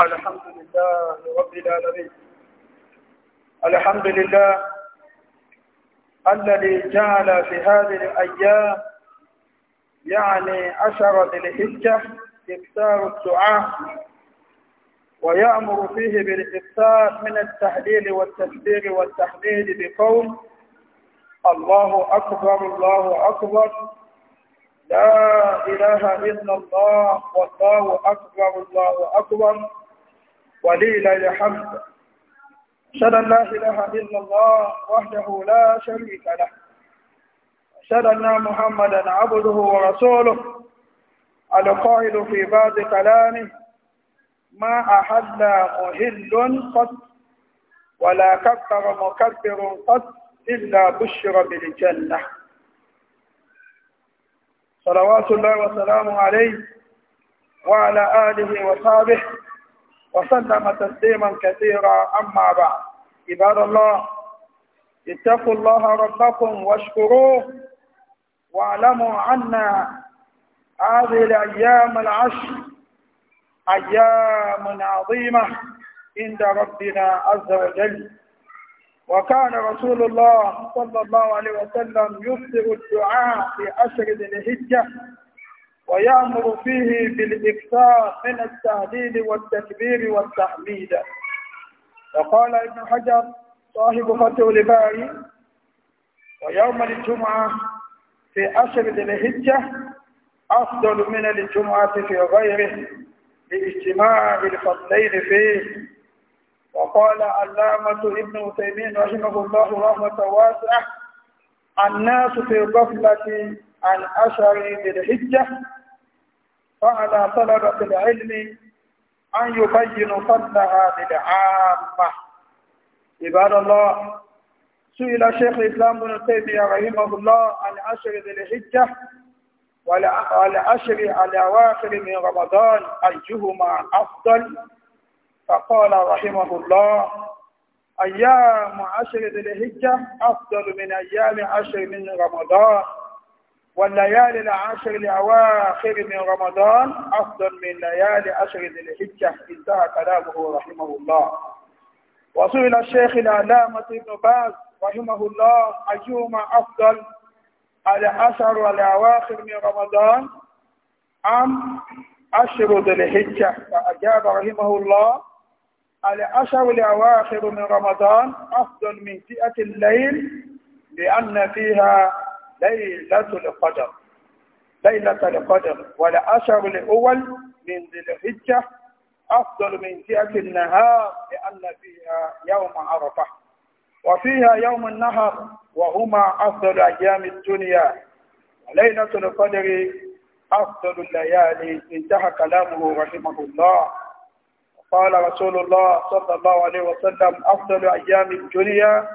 الحمد لله رب العالمين الحمد لله الذي جعل في هذه الأيام يعني عشرة الحجة إكثار الدعاء ويأمر فيه بالإكثار من التهليل والتكبير والتحميد بقول الله أكبر الله أكبر لا إله إلا الله والله أكبر الله أكبر وليل الحمد أشهد أن لا إله إلا الله وحده لا شريك له أشهد أن محمدا عبده ورسوله القائل في بعض كلامه ما أحل مهل قط ولا كفر مكبر قط إلا بشر بالجنة صلوات الله وسلامه عليه وعلى آله وصحبه وسلم تسليما كثيرا أما بعد عباد الله اتقوا الله ربكم واشكروه واعلموا عنا هذه الأيام العشر أيام عظيمة عند ربنا عز وجل وكان رسول الله صلى الله عليه وسلم يفسر الدعاء في أشر ذي الهجة ويأمر فيه بالإكثار من التهليل والتكبير والتحميد وقال ابن حجر صاحب فتح الباري ويوم الجمعة في عشر ذي الهجة أفضل من الجمعة في غيره لاجتماع الفضلين فيه وقال علامة ابن تيمين رحمه الله رحمة واسعة الناس في غفلة عن أشر ذي الهجة فعلى طلبة العلم أن يبين فضلها للعامة عباد الله سئل شيخ الإسلام بن تيمية رحمه الله عن عشر ذي الحجة والعشر على أواخر من رمضان أيهما أفضل فقال رحمه الله أيام عشر ذي الحجة أفضل من أيام عشر من رمضان والليالي العشر الأواخر من رمضان أفضل من ليالي عشر ذي الحجة انتهى كلامه رحمه الله وسئل الشيخ العلامة ابن باز رحمه الله أيهما أفضل العشر والأواخر من رمضان أم عشر ذي الحجة فأجاب رحمه الله العشر الأواخر من رمضان أفضل من فئة الليل لأن فيها ليلة القدر ليلة القدر أشهر الأول من ذي الحجة أفضل من جهة النهار لأن فيها يوم عرفة وفيها يوم النهر وهما أفضل أيام الدنيا وليلة القدر أفضل الليالي انتهى كلامه رحمه الله قال رسول الله صلى الله عليه وسلم أفضل أيام الدنيا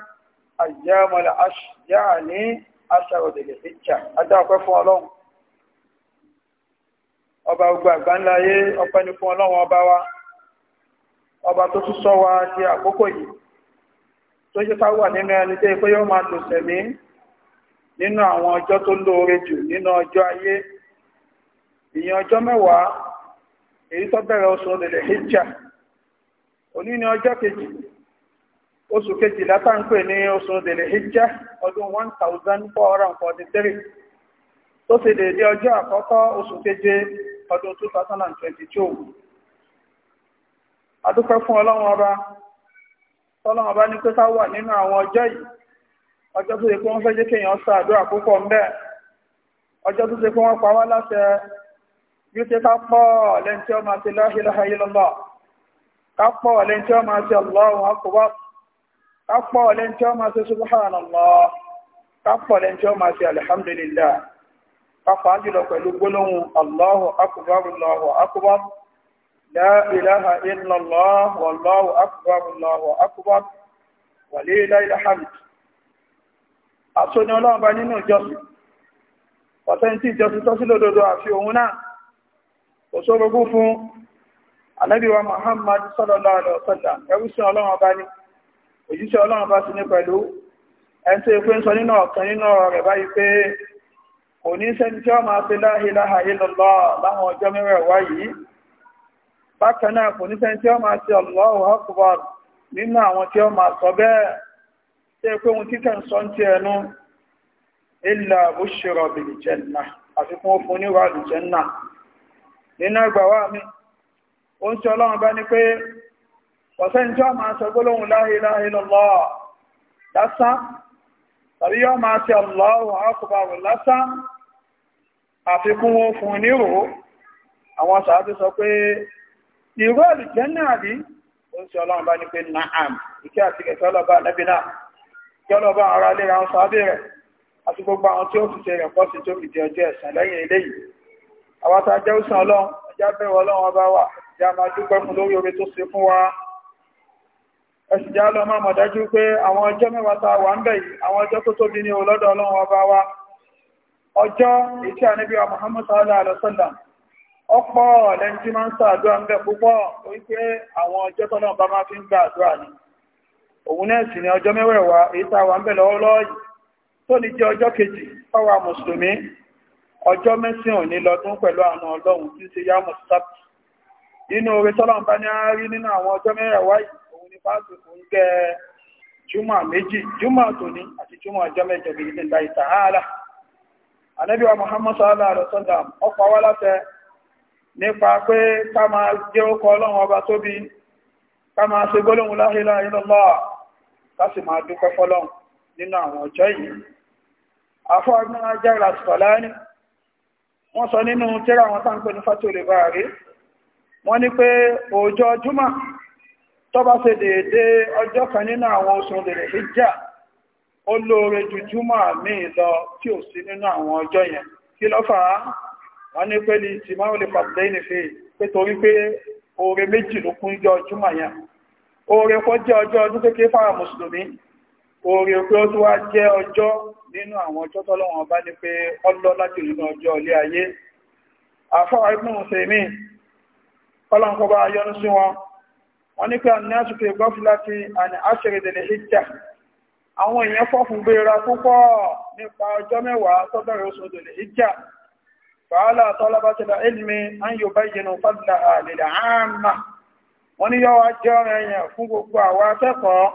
أيام العشر يعني aṣàrò dèlè fìjà adá ọpẹ́ fún ọlọ́run ọba gbogbo àgbáńláyé ọpẹ́ ni fún ọlọ́run ọba wa ọba tó tún sọ wa di àkókò yìí tó ṣe ká wà nínú ẹni tó yẹ pé yóò máa lò sẹ̀mí nínú àwọn ọjọ́ tó lóore jù nínú ọjọ́ ayé ìyẹn ọjọ́ mẹ́wàá èyí tó bẹ̀rẹ̀ oṣù lèlè fìjà òní ni ọjọ́ kejì oṣù kejìlá tá ń pè ní oṣù dèlè hijjá ọdún 1443 tó ṣe déédé ọjọ́ àkọ́kọ́ oṣù keje ọdún 2022 adúpẹ́ fún ọlọ́run ọba tọ́lọ́run ọba ní pé ká wà nínú àwọn ọjọ́ yìí ọjọ́ tó ṣe pé wọ́n fẹ́ jẹ́ kéèyàn ń ọjọ́ tó ṣe pé wọ́n pa wá láṣẹ yóò ṣe ká pọ̀ ká pọ̀ kápọ̀ lẹ́ni tí ó máa ṣe subhanallah kápọ̀ lẹ́ni tí ó máa ṣe alhamdulillah kápọ̀ ájùlọ pẹ̀lú gbólóhùn allahu akbar allahu akbar la ilaha illallah wallahu akbar allahu akbar walillahil hamd àtúni ọlọ́run bá nínú ìjọsìn ọ̀tẹ́ni tí ìjọsìn tọ́ sí lódodo àfi òun náà kò sórogún fún anábíwa muhammad sallallahu alaihi wasallam ẹrú sí ọlọ́run ọba ni òjíṣẹ́ ọlọ́run bá ti ní pẹ̀lú ẹni tó pé ń sọ nínú ọ̀kan nínú rẹ̀ báyìí pé kò ní sẹ́ni tí ó máa fi la ilaha illallah láwọn ọjọ́ mẹ́rẹ̀ wá yìí bákan náà kò ní sẹ́ni tí ó máa ti Allahu mi ó ń sọ ọ̀sẹ́ni tí ó máa sọ gbólóhùn la ilaha illallah lásán tàbí yọ́ máa ti Allahu akbar lásán àfikún fún nírò àwọn sàábí sọ pé ìró àlùjẹ́ náà rí ó ń sọ ọlọ́run bá ní pé na'am ìkẹ́ àti kẹta ọlọ́ba lẹ́bínà kí ọlọ́ba ara lè ra sàábí ẹ̀sìjá lọ máa mọ̀dájú pé àwọn ọjọ́ mẹ́wàá wà ń bẹ̀ yìí àwọn ọjọ́ tó tóbi ní olọ́dọ̀ ọlọ́run ọba wa ọjọ́ ìtí àníbí wa Muhammad sallallahu alaihi wasallam ọ̀pọ̀ lẹ́ni tí ọjọ́ mẹ́sìn òní lọ́dún pẹ̀lú àwọn ọlọ́run tí ṣe yá rí nínú àwọn ọjọ́ fásitì ń gẹ́ meji méjì júmọ̀ tòní àti júmọ̀ ọjọ́ mẹ́jọ bí ní ìlà ìtàhálà Ànábì Muhammad sallallahu alaihi wasallam ó pa wá láṣẹ nípa pé ká máa jẹ́ ọkọ̀ ọlọ́run ọba tóbi ká máa ṣe gbólóhùn la ilaha wọ́n sọ tó bá ṣe dédé ọjọ́ kan nínú àwọn oṣù lèrè hijjá ó lóore ju júmọ́ míì lọ tí ò sí nínú àwọn ọjọ́ yẹn kí ló fà á wọ́n ní pé ní tìmọ́ olè pàtàkì ní fi pé torí pé oore méjì ló kún jọ júmọ́ yẹn oore kó jẹ́ ọjọ́ ọdún kékeré fára mùsùlùmí oore pé ó tó wá jẹ́ ọjọ́ nínú àwọn ọjọ́ tọ́lọ́wọ́n bá ní pé ọlọ́ láti nínú ọjọ́ ilé ayé àfọwà ibùn sèmí ọlọ́nkọba yọ́nú sí wọn wọ́n ní pé àníyànjú fi gọ́fìlá ti àní àṣẹrẹ̀dẹ̀lẹ̀ hijja àwọn èèyàn fọ́fún gbéra púpọ̀ nípa ọjọ́ mẹ́wàá tọ́bẹ̀rẹ̀ oṣù dẹ̀lẹ̀ hijja fàálà tọ́lábátẹ̀lá ilmi an yóò báyìí nù fàdìlà àlèlè àmà wọ́n ní yọ́wà jẹ́ ọ̀rẹ́ èèyàn fún gbogbo àwọn akẹ́kọ̀ọ́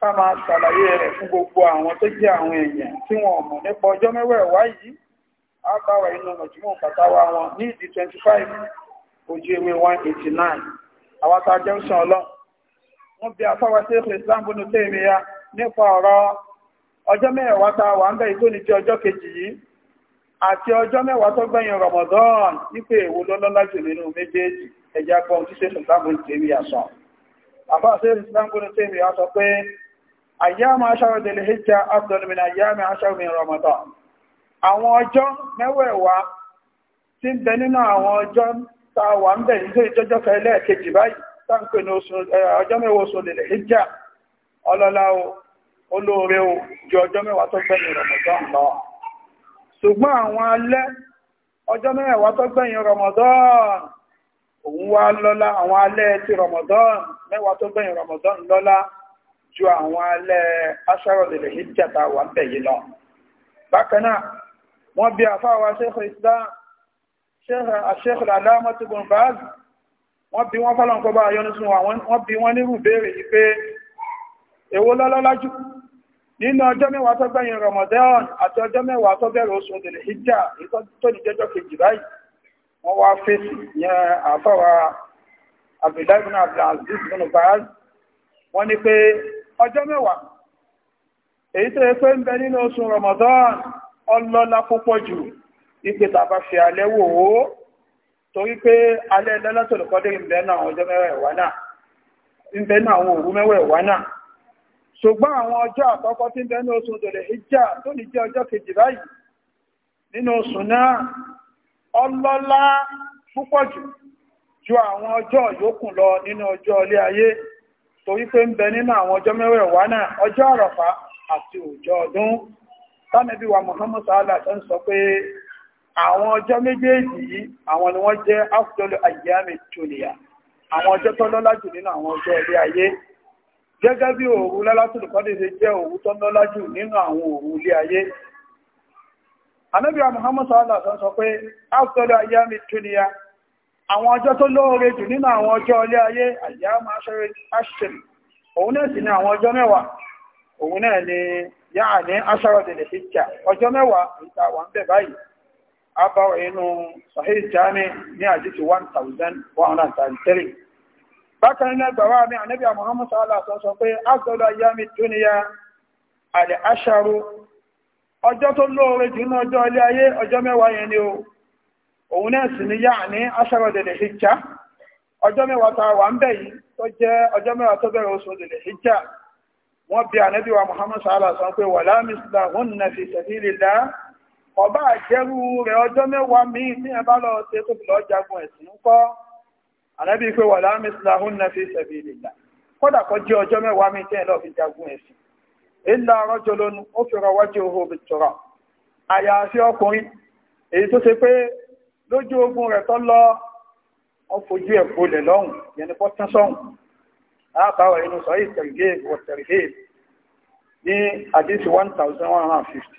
ká máa ṣàlàyé rẹ̀ fún gbogbo àwọn tó jẹ́ àwọn èèyàn tí wọ́n mọ̀ nípa ọjọ́ mẹ́wẹ̀ẹ̀wá yìí á bá wà inú mọ̀júmọ̀ pàtàwà wọn ní ìdí 25 ojú ewé 189 àwọn tá a jẹ́ òṣàn ọlọ́ wọ́n bí afáwa sí ìpè Islam bónú tèmi ya nípa ọ̀rọ̀ ọjọ́ mẹ́wàá tá a wà ń bẹ̀ tó ní jẹ́ ọjọ́ kejì yìí àti ọjọ́ mẹ́wàá tó gbẹ̀yìn Ramadan nípe èwo lọ́lọ́lá jù nínú méjèèjì ẹ̀já kan tí sẹ́sùn Islam bónú tèmi ya sọ àfáà sí Islam bónú tèmi ya sọ pé àyàmà aṣáwọ̀ tẹ̀lé hijja abdulmin àyàmà aṣáwọ̀ mi Ramadan àwọn ọjọ́ mẹ́wẹ̀ẹ̀wá tí ń bẹ nínú àwọn ọjọ́ tá a wà ń bẹ̀ ní ìjọjọ́ kan ẹlẹ́ẹ̀kejì báyìí tá ń pè ní ọjọ́ oṣù lè ọlọ́lá o olóore o ju ọjọ́ mẹ́wàá tó gbẹ̀yìn Ramadan lọ ṣùgbọ́n àwọn alẹ́ ọjọ́ mẹ́wàá tó gbẹ̀yìn òun wá lọ́lá àwọn alẹ́ ti mẹ́wàá tó gbẹ̀yìn lọ́lá ju àwọn alẹ́ Sheikh uh, al-Allama Ibn Baz wọ́n bí wọ́n fọ́lọ́n kọ́ bá yọ́nú sún wọ́n bí wọ́n nírù béèrè yìí pé èwo lọ́lọ́lájú nínú ọjọ́ mẹ́wàá tó gbẹ̀yìn Ramadan àti ọjọ́ mẹ́wàá tó bẹ̀rẹ̀ oṣù òdèlè hijjá tó ní jẹ́jọ́ kejì báyìí wọ́n wá fèsì yẹn àfọwà Abdullahi ibn Abdulaziz ibn Baz wọ́n ní pé ọjọ́ mẹ́wàá èyí tó yẹ pé ń bẹ nínú oṣù Ramadan ọlọ́lá púpọ̀ jù ipe tàbá alewo alẹ́ wò ó torí pé alẹ́ lẹ́lọ́tọ̀lùkọ́dé ìbẹ̀ náà naa; àwọn òru mẹ́wẹ̀ẹ̀wá náà ṣùgbọ́n àwọn ọjọ́ àkọ́kọ́ tí ń bẹ ní oṣù tòlẹ̀ ìjà tó ní jẹ́ ọjọ́ kejì ju awọn ọjọ lọ nínú ọjọ́ ilé ayé torí pé ń bẹ nínú àwọn ọjọ́ mẹ́wẹ̀ẹ̀wá àwọn ọjọ́ méjèèjì yìí àwọn ni wọ́n jẹ́ áfùtọ́lù àyíyámi tòlìyà àwọn ọjọ́ tó lọ́lá jù nínú àwọn ọjọ́ ilé ayé gẹ́gẹ́ bí òru lálátùlù jẹ́ òru tó lọ́lá jù nínú àwọn òru ilé ayé anábíà muhammad sallallahu sọ pé áfùtọ́lù àyíyámi tòlìyà àwọn ọjọ́ tó lóore jù nínú àwọn ọjọ́ ilé ayé àyíyámi ashrin òun náà sì ni àwọn ọjọ́ mẹ́wàá òun náà ni yáà ní wà ń bẹ̀ abáwọ̀ inú sahih jami ní àdìsí 1133 bákan ní ẹgbàwà mi ànábì Muhammad sallallahu alaihi wasallam pé afdalu ayyami dunya al-asharu ọjọ́ tó lóore jù ní ọjọ́ ilé ayé ọjọ́ mẹ́wàá yẹn ni o òun náà sì ní yá ní asharu dèlè hijja ọjọ́ mẹ́wàá ta wà ń bẹ̀ yìí tó jẹ́ ọjọ́ mẹ́wàá tó ọba àjẹrú rẹ̀ ọjọ́ mẹ́wàá míì tí ẹ bá lọ ṣe tó fi lọ jagun ẹ̀sìn ń kọ́ ànábì pé wà láàmì síláhùn náà fi ṣẹ̀bi ìlẹ̀lá kódà kọ́ jẹ́ ọjọ́ mẹ́wàá míì tí ẹ lọ fi jagun ẹ̀sìn ìlà ọjọ́ lónú ó fi rọwọ́ jẹ́ ohun òbí tọrọ àyàfi ọkùnrin èyí tó ṣe pé lójú ogun rẹ̀ tó lọ wọ́n fojú ẹ̀ bolẹ̀ lọ́hùn yẹn ni bọ́tán sọ́hùn àbáwọ̀ inú sọ yìí tẹ̀rìgé wọ̀ tẹ̀rìgé ní àdéhùn one thousand one hundred and fifty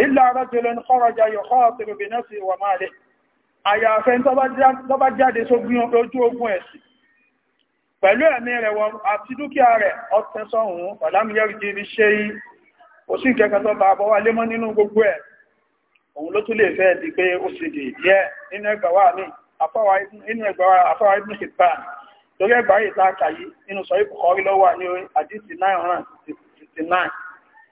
ìlà rọ́jùlẹ̀ kọ́rọjà yọ̀kọ́ ọ̀tẹ̀rù bí náà sí wà máa lẹ̀ àyàfẹ́ tó bá jáde sógun ojú ogun ẹ̀sìn pẹ̀lú ẹ̀mí rẹ̀ wọn àti dúkìá rẹ̀ ọ̀tẹ́ sọ́hun pàlámiyẹ́rì ti fi ṣe yí kò sí ìkẹ́kẹ́ tó bá bọ́ wálé mọ́ nínú gbogbo ẹ̀ òun ló tún lè fẹ́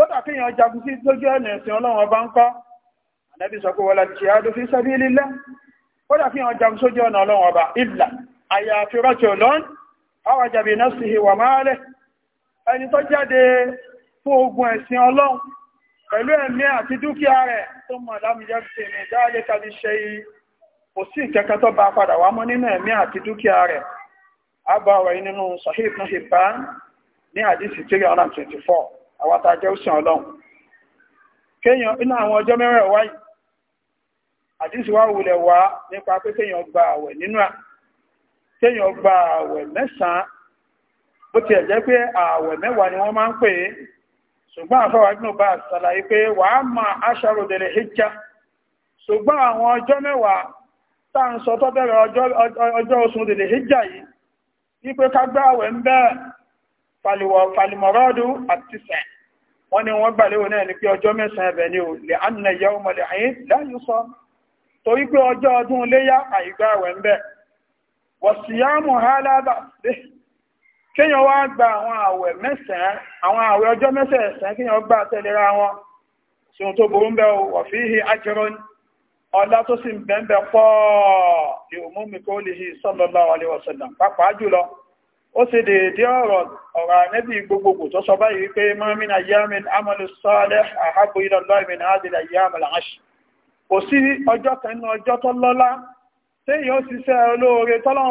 kódà kéèyàn jagun sí lójú ẹ̀nà ẹ̀sìn ọlọ́run ọba ń kọ́ ànábì sọ pé wọlá jihadu fi sabilillah kódà kéèyàn jagun sójú ọ̀nà ọlọ́run ọba ìlà àyàfi rọ́jò lọ́n àwọn jàbí nafsihi wa malihi ẹni tó jáde fún ogun ẹ̀sìn ọlọ́run pẹ̀lú ẹ̀mí àti dúkìá rẹ̀ tó mọ̀ lámúyẹ́ fi ní dáálé kàbí ṣe yìí kò sí ìkẹ́kẹ́ tó bá padà wá mọ́ nínú ẹ̀mí àti dúkìá rẹ̀ abáwẹ̀ nínú Sahih Ibn Hibban ní 324 àwọn àtàjẹ́ òṣìṣàn ọlọ́run kéèyàn inú àwọn ọjọ́ mẹ́rẹ̀ wáyìí àdísì wá wulẹ̀ wá nípa pé kéèyàn gba àwẹ̀ nínú à kéèyàn gba àwẹ̀ mẹ́sàn-án bó tiẹ̀ jẹ́ pé àwẹ̀ mẹ́wàá ni wọ́n máa ń pè é ṣùgbọ́n àfọwà gbọ́n bá ṣàlàyé pé wàá ma aṣàrò dẹ̀lẹ̀ hijja ṣùgbọ́n àwọn ọjọ́ mẹ́wàá tá ń sọ tó ọjọ́ oṣù dẹ̀lẹ̀ hijja yìí wípé ká gbá àwẹ̀ ń bẹ́ẹ̀ falimọ̀rọ́dù àtisẹ̀ wọ́n ni wọ́n gbàlẹ́wò náà ní pé ọjọ́ mẹ́sàn ẹ̀bẹ̀ ni ò lè ánà yẹ ọmọlẹ̀ àyín láyé sọ torí pé ọjọ́ ọdún léyá àìgbà ẹ̀wẹ̀ tó burú ń bẹ ń bẹ́ẹ̀ pọ̀ ní òmùmí kó lè hi sallallahu alaihi wasallam pàápàá jùlọ ó sì dèédé ọ̀rọ̀ ọ̀rọ̀ ànẹ́bì gbogbogbò tó sọ báyìí wípé mọ́mínà yamin amalu sọ́ọ̀lẹ̀ àhábò ìlọ́lọ́ yamin àṣì kò sí ọjọ́ kan ọjọ́ tó lọ́lá ó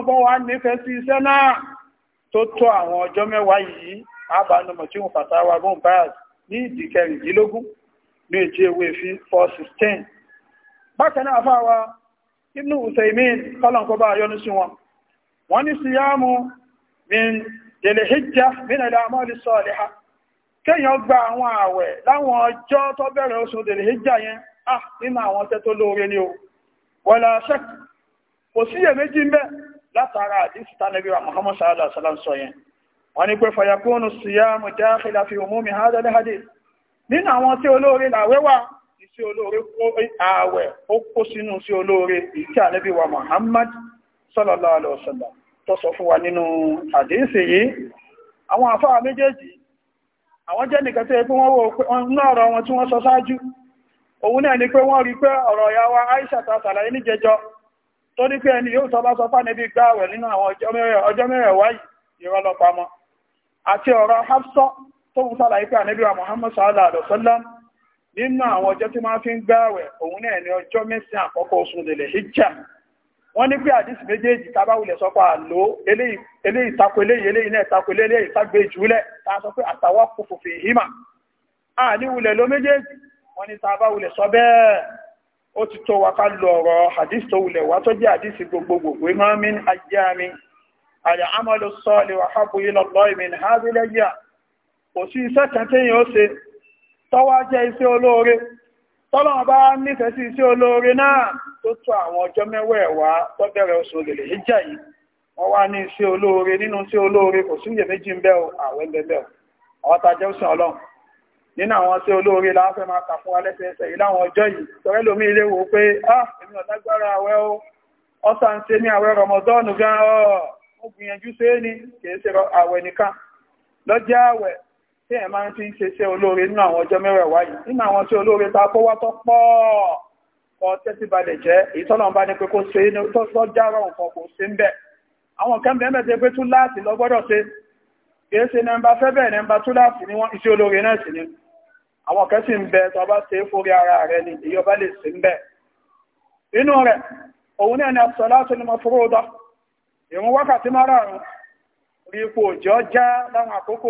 olóore sí iṣẹ́ náà tó tó àwọn ọjọ́ mẹ́wàá yìí abánumọ̀ tí wọ́n fàtà ní ìdí kẹrìndínlógún ní ewé 416 sí wọn wọ́n min lèlèhíjá min al-a'mal as-salihah kéèyàn gba àwọn ààwẹ̀ láwọn ọjọ́ tó bẹ̀rẹ̀ oṣù lèlèhíjá yẹn ah nínú àwọn tẹ́ tó lóore ni o wala shak kò síyè méjì ń bẹ látara àdísì tánàbí wa Muhammad sallallahu alaihi wasallam sọ yẹn wọ́n ní pé fayakunu siyamu dakhila fi umumi hadha al-hadith nínú àwọn tí olóore sallallahu alaihi wasallam tó sọ fún wa nínú àdínsì yìí àwọn àfáà méjèèjì àwọn jẹ́ nìkan tí ẹkùn wọ́n wọ́n náà ọ̀rọ̀ wọn tí wọ́n sọ ṣáájú òun náà ni pé wọ́n rí pé ọ̀rọ̀ ìyá wa Aisha ta sàlàyé ní jẹjọ tó ní pé ẹni yóò sọ bá sọ fà níbi gbáwẹ̀ nínú àwọn ọjọ́ mẹ́rẹ̀ wáyìí ìrọlọpamọ́ àti ọ̀rọ̀ Hafsa tó ń sàlàyé pé ànẹ́bí wa Muhammad sallallahu alaihi wasallam nínú àwọn ọjọ́ tí máa fi ń gbáwẹ̀ òun náà ni ọjọ́ mẹ́sàn-án àkọ́kọ́ oṣù lèlè hijjah wọ́n ní pé àdísì méjèèjì tábáwulẹ̀ sọ pé àlò eléyìí tako eléyìí eléyìí náà ilé eléyìí ìjúlẹ̀ tá sọ pé àtàwà kòfò fi hímà àníwulẹ̀ ló méjèèjì wọ́n ní tábáwulẹ̀ sọ bẹ́ẹ̀ ó ti tó wa lọ ọ̀rọ̀ àdísì tó wulẹ̀ tó tó àwọn ọjọ́ mẹ́wẹ̀ẹ̀wá tó bẹ̀rẹ̀ oṣù òlèlè jẹ́ yìí wọ́n wá ní iṣẹ́ olóore nínú iṣẹ́ olóore kò sí iyèméjì ń bẹ o àwẹ̀ bẹ́ẹ̀ o àwọn a ọlọ́run nínú àwọn iṣẹ́ olóore láàfẹ́ máa kà fún wa yìí láwọn ọjọ́ yìí lómi ilé wo pé ah, èmi o ọ́sà ń ṣe ní rọmọdọ́ọ̀nù gan gbìyànjú kì í ṣe àwẹ̀ nìkan lọ́jọ́ àwẹ̀ tí ẹ̀ máa ń fi ń ṣe ta kó wá kọ tẹ́sí balẹ̀ jẹ́ ìtọ́nà bá ní pé kó ṣe ní tọ́sọ́ járọ̀ nǹkan kò ṣe ń bẹ̀ àwọn pé láti lọ ṣe kìí ṣe nẹmbà fẹ́bẹ̀ nẹmbà tú láti ní wọ́n iṣẹ́ olóore náà ni àwọn kan sì ń bẹ tó ara rẹ ni èyí lè ṣe ń bẹ̀ inú rẹ̀ òun náà ni aṣọ láti ní mo fúró dọ́ ìrún wákàtí rí ipò òjò já láwọn àkókò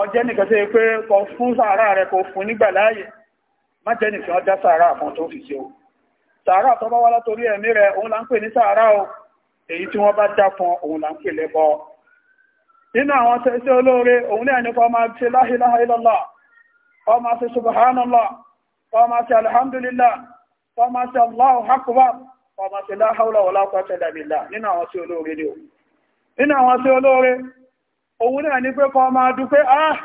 ọjẹ́ nìkan sí pé kọ fún sàárà rẹ kò fún nígbà láàyè má jẹ́ nìkan ọjá sàárà fún tó fi ṣe o sàárà tó bá wá látorí ẹ̀mí rẹ òun ń pè ní sàárà o èyí tí wọ́n bá já fún òun ń pè lẹ́bọ àwọn olóore òun ọmọ ṣe ọmọ ṣe ọmọ ṣe alhamdulillah ọmọ ṣe ọmọ ṣe òun náà ní pé kọ́ máa dúpẹ́ ah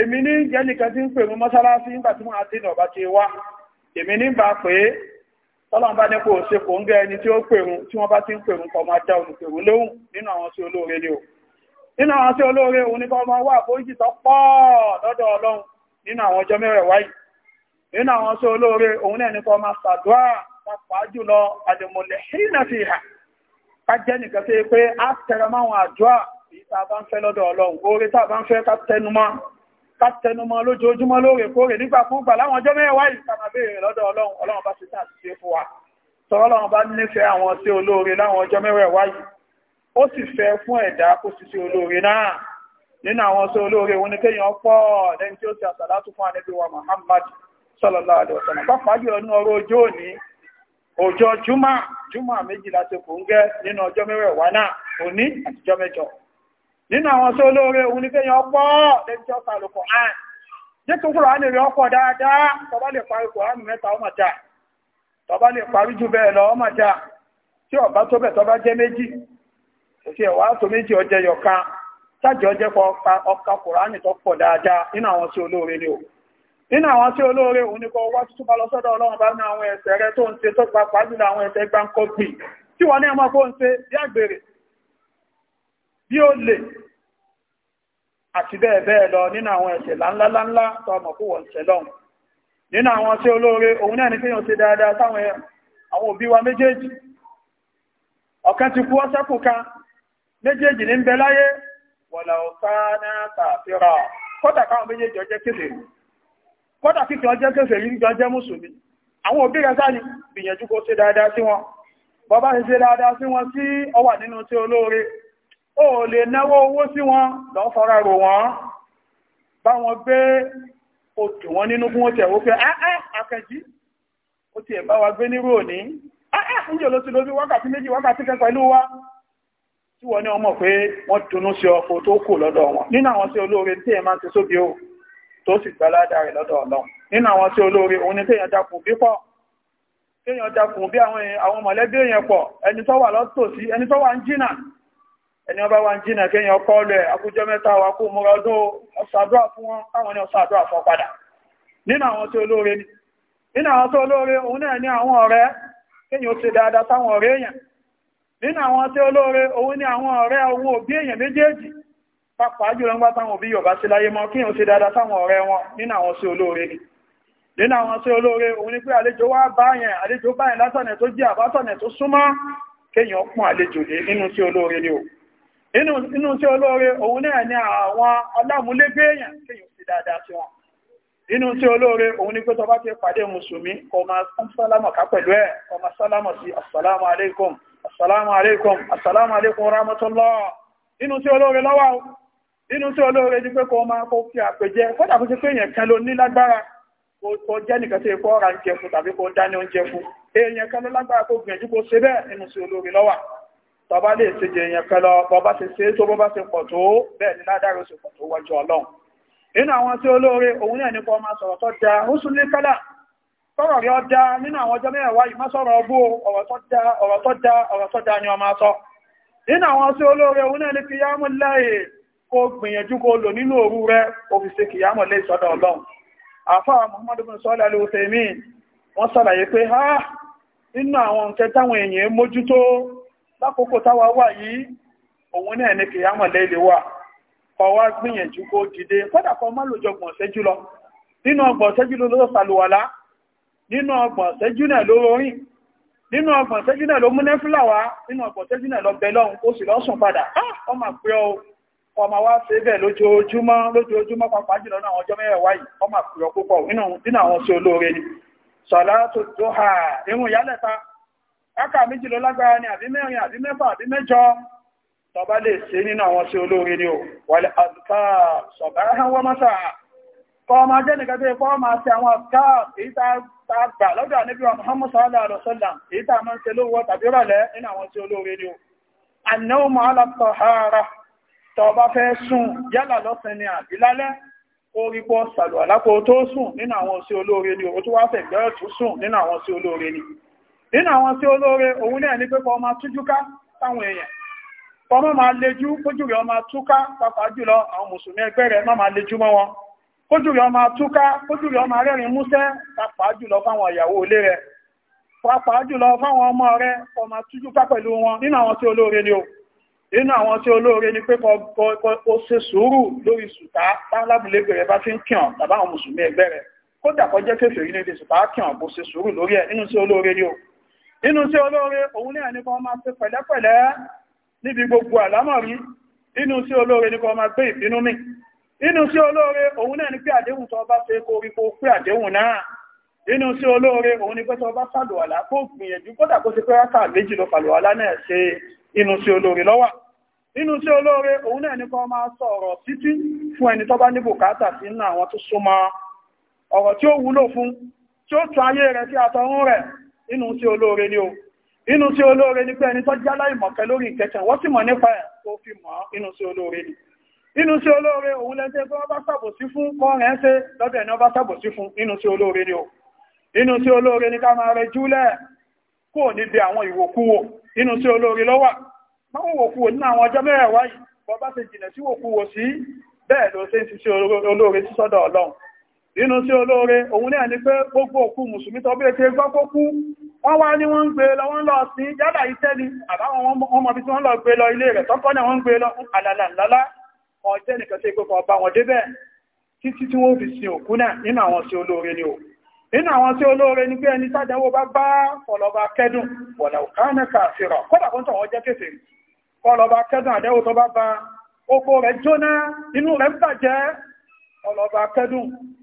èmi ní jẹ́nìkan tí ń pè mú mọ́sálásí nígbà tí wọ́n àti ọba ti wá èmi ní bá pé bá ní kò ẹni tí wọ́n bá ti ń máa lóhùn nínú tí olóore ni o nínú àwọn tí olóore òun kọ́ máa wà tó pọ̀ lọ́dọ̀ ọlọ́run nínú àwọn ọjọ́ mẹ́rẹ̀ wáyé nínú àwọn èyí tá a bá ń fẹ́ lọ́dọ̀ ọlọ́run oore tá a bá ń fẹ́ ká tẹnumọ́ ká tẹnumọ́ lójoojúmọ́ lóòrèkóòrè nígbà fún gbà láwọn ọjọ́ mẹ́wàá yìí tá a máa béèrè lọ́dọ̀ ọlọ́run ọlọ́run bá ṣe tán àti ṣe fún wa tọ́rọ ọlọ́run bá nífẹ̀ẹ́ àwọn sí olóore láwọn ọjọ́ mẹ́wàá yìí ó sì fẹ́ fún ẹ̀dá kó sì sí olóore náà nínú àwọn sí olóore òun ni kéèyàn pọ̀ lẹ́ni tí ó ti àsàlátù fún ànábì wa Muhammad sallallahu alaihi wasallam pàápàá jùlọ ní ọrọ̀ ọjọ́ òní ọjọ́ júmà júmà méjìlá ti kò ń gẹ́ nínú ọjọ́ mẹ́wàá náà òní àtijọ́ mẹ́jọ nínú àwọn tó lóore òun ní kéyàn ọpọ́ lẹ́jọ́ kàlùkù án ọpọ̀ dáadáa tọba lè parí mẹ́ta ọmọ tọba lè parí jù bẹ́ẹ̀ lọ ọmọ jà ọba tó tọba jẹ́ méjì ẹ̀wà tó méjì ọjẹ́ sájì ọjẹ́ ọka tó pọ̀ àwọn tí olóore ni o nínú àwọn tí olóore òun ní kọ wá tuntun bá lọ sọ́dọ̀ ọlọ́run bá ní àwọn ẹ̀ṣẹ̀ bí ó lè àti bẹ́ẹ̀ bẹ́ẹ̀ lọ nínú àwọn ẹ̀ṣẹ̀ láńláńlá tó ọmọ kó wọ́n nínú àwọn tí olóore òun náà ni kéèyàn ṣe dáadáa sáwọn àwọn òbí wa méjèèjì ọ̀kan ti kú ọ́sẹ́kù kan méjèèjì ní bẹ láyé wọ̀là ọ̀sá náà tààfíra káwọn méjèèjì ọjẹ́ ó lè náwó owó sí wọn lọ fara rò wọ́n bá wọn gbé òtù wọn nínú fún oúnjẹ ah, ah, ó fẹ́ áá akẹjí ó ti ẹ̀bá wa gbé nírú òní áá ah, níjẹ́ ló ti lóbi wákàtí méjì wákàtí kẹ́ pẹ̀lú wa tí wọ́n ní ọmọ pé wọ́n dunú sí ọkọ̀ tó kù lọ́dọ̀ wọn nínú àwọn sí olóore tí ẹ máa ti sóbi o tó sì gbaládà rẹ̀ lọ́dọ̀ ọ̀lọ́ nínú àwọn sí olóore òun ni téèyàn dakùn bí pọ̀ téèyàn dakùn bí àwọn mọ̀lẹ́bí èèyàn pọ̀ ẹni tó wà lọ́tòsí ẹni tó wà ń jìnà ẹni ọba wa ń jìnà kéèyàn ọkọ ọlẹ akújọ mẹ́ta wa kó múra ọdún ọsàdúrà fún wọn káwọn ní ọsàdúrà fún padà nínú àwọn tí olóore ni nínú àwọn tí olóore òun náà ní àwọn ọ̀rẹ́ kéèyàn ó ṣe dáadáa sáwọn ọ̀rẹ́ èèyàn nínú àwọn olóore òun ní àwọn ọ̀rẹ́ òbí èèyàn méjèèjì jùlọ ń bá táwọn òbí Yorùbá sí láyé ó dáadáa sáwọn ọ̀rẹ́ wọn nínú àwọn olóore ni inú tí olóore òun náà ni àwọn alámúlégbé èèyàn kéyàn sí dáadáa sí wọn inú tí olóore òun ni pé tó bá ti pàdé mùsùlùmí kó ma sálámọ̀ ká pẹ̀lú ẹ̀ kó ma sálámọ̀ sí assalamu alaikum assalamu alaikum assalamu alaikum rahmatullah inú tí olóore lọ́wọ́ inú tí ti jẹ́ nìkan tí ọ̀rà ń jẹ tọba lè ṣe jẹ èèyàn kan lọ bọba ṣe ṣe tó bọba ṣe pọ̀ tó bẹ́ẹ̀ ni ládàrí oṣù pọ̀ tó wájú ọlọ́run nínú àwọn tí olóore òun náà nípa ọmọ sọ̀rọ̀ tó da ó sún ní kálà tọ́rọ̀ rí ọdá nínú àwọn ọjọ́ mẹ́wàá yìí má sọ̀rọ̀ ọ̀rọ̀ tó da ni ọmọ sọ nínú àwọn tí olóore òun náà ní kìyàmù láyè kó gbìyànjú kó lò nínú òru rẹ ó ṣe kìyàmù lé ìsọdọ̀ ọlọ́run àfáà muhammadu bin sọ́lá ló tèmí wọ́n sàlàyé pé ha nínú àwọn nǹkan táwọn èèyàn mójútó lákòókò táwa wà yìí òun náà ní kìí àmọ̀lẹ́ ilé wà kọwa gbìyànjú kó dìde kọ́dà kọ má lòjọ gbọ̀n ṣẹ́jú lọ nínú ọgbọ̀n ṣẹ́jú ló ló sàlùwàlá nínú ọgbọ̀n ṣẹ́jú náà ló rọrìn nínú ọgbọ̀n ṣẹ́jú náà ló múná fúláwà nínú ọgbọ̀n ṣẹ́jú náà lọ bẹ lọ́hùn ó sì lọ́sùn padà ọmọ ah! pé ọ ọmọ wa ṣe bẹ́ẹ̀ lójoojúmọ́ lójoojúmọ́ pàpà jùlọ náà ọjọ́ mẹ́rẹ̀ wáyìí ọmọ pé ọ púpọ̀ nínú àwọn sí olóore ni sọ̀lá tó dóhà irun ìyálẹ̀ta rákà méjìlélágbára ni àbí mẹ́rin àbí mẹ́fà àbí mẹ́jọ tọba lè ṣe nínú àwọn sí olóore ni o wàlẹ̀ àdùkà sọ̀bára mọ́sà kọ́ ma jẹ́ nìkan tó yẹ kọ́ àwọn àdùkà èyí tá a gbà àníbí wa Muhammad sallallahu alaihi wasallam o tó sùn nínú àwọn sí nínú àwọn tí olóore òun náà ní pé kọ ọmọ tújúká táwọn èèyàn tọmọ máa lejú kójú rẹ̀ ọmọ túká pàpà jùlọ àwọn mùsùlùmí ẹgbẹ́ rẹ̀ má máa lejú mọ́ wọn kójú rẹ̀ ọmọ túká kójú rẹ̀ ọmọ rẹ́rìn músẹ́ pàpà jùlọ fáwọn ìyàwó ilé rẹ̀ pàpà jùlọ fáwọn ọmọ rẹ̀ ọmọ tújúká pẹ̀lú wọn nínú àwọn tí olóore ni o nínú àwọn tí olóore ni pé kó ṣe sùúrù lórí sùtá tálábùlẹ́gbẹ̀ rẹ̀ bá fi ń kíàn tàbáwọn mùsùlùmí ẹgbẹ́ rẹ̀ kódà kọjẹ́ kéfèrí ní ìdí sùtá kíàn bó ṣe sùúrù lórí ẹ̀ nínú tí olóore ni o inú sí olóore òun ní àníkọ́ ọmọ pé pẹ̀lẹ́pẹ̀lẹ́ níbi gbogbo àlámọ̀rí inú sí olóore ní kọ́ máa gbé ìbínú mi inú sí olóore òun náà ní pé àdéhùn tó bá ṣe kó rí kó pé àdéhùn náà inú sí olóore òun ní pé tó bá fàlùwàlá kó gbìyànjú kódà kó ṣe pé rákà méjì náà ṣe inú sí olóore lọ́wà inú sí olóore òun náà ní kọ́ máa sọ ọ̀rọ̀ inú tí olóore ni o inú tí olóore ni pé ẹni tó jálá ìmọ̀kẹ́ lórí ìkẹkẹ̀ wọ́n sì mọ̀ nípa ẹ̀ tó fi mọ̀ inú tí olóore ni inú tí olóore òun lẹ́sẹ̀ pé wọ́n bá fún kọ́rin lọ́dẹ̀ ni wọ́n bá fún inú tí olóore o inú tí olóore ni ká máa rẹ júlẹ̀ kò níbi àwọn ìwòkúwò inú tí olóore nínú àwọn ọjọ́ mẹ́rẹ̀ẹ̀wá yìí bọ́ bá jìnà sí sí bẹ́ẹ̀ ló ṣe nínú sí olóore òun náà ni pé gbogbo òkú mùsùlùmí tó bèèrè tí gbọ́ kó kú wọ́n wá ní wọ́n ń gbé lọ wọ́n lọ sí yálà iṣẹ́ ni àbáwọn wọ́n mọ̀ bí tí wọ́n lọ gbé lọ ilé rẹ̀ tọ́kọ́ náà wọ́n gbé lọ àlàlà lọ́lá ọjẹ́ nìkan tí gbogbo ọba wọn ni o nínú àwọn sí ni pé ẹni sájáwó bá bá ọlọ́ba kẹ́dùn wọ̀là òkánà kàfihàn kódà kó ń tọ̀wọ́ jẹ́ kéfèé kọlọba kẹ́dùn àdẹ́wò oko rẹ̀ jóná inú rẹ̀ bàjẹ́ ọlọ́ba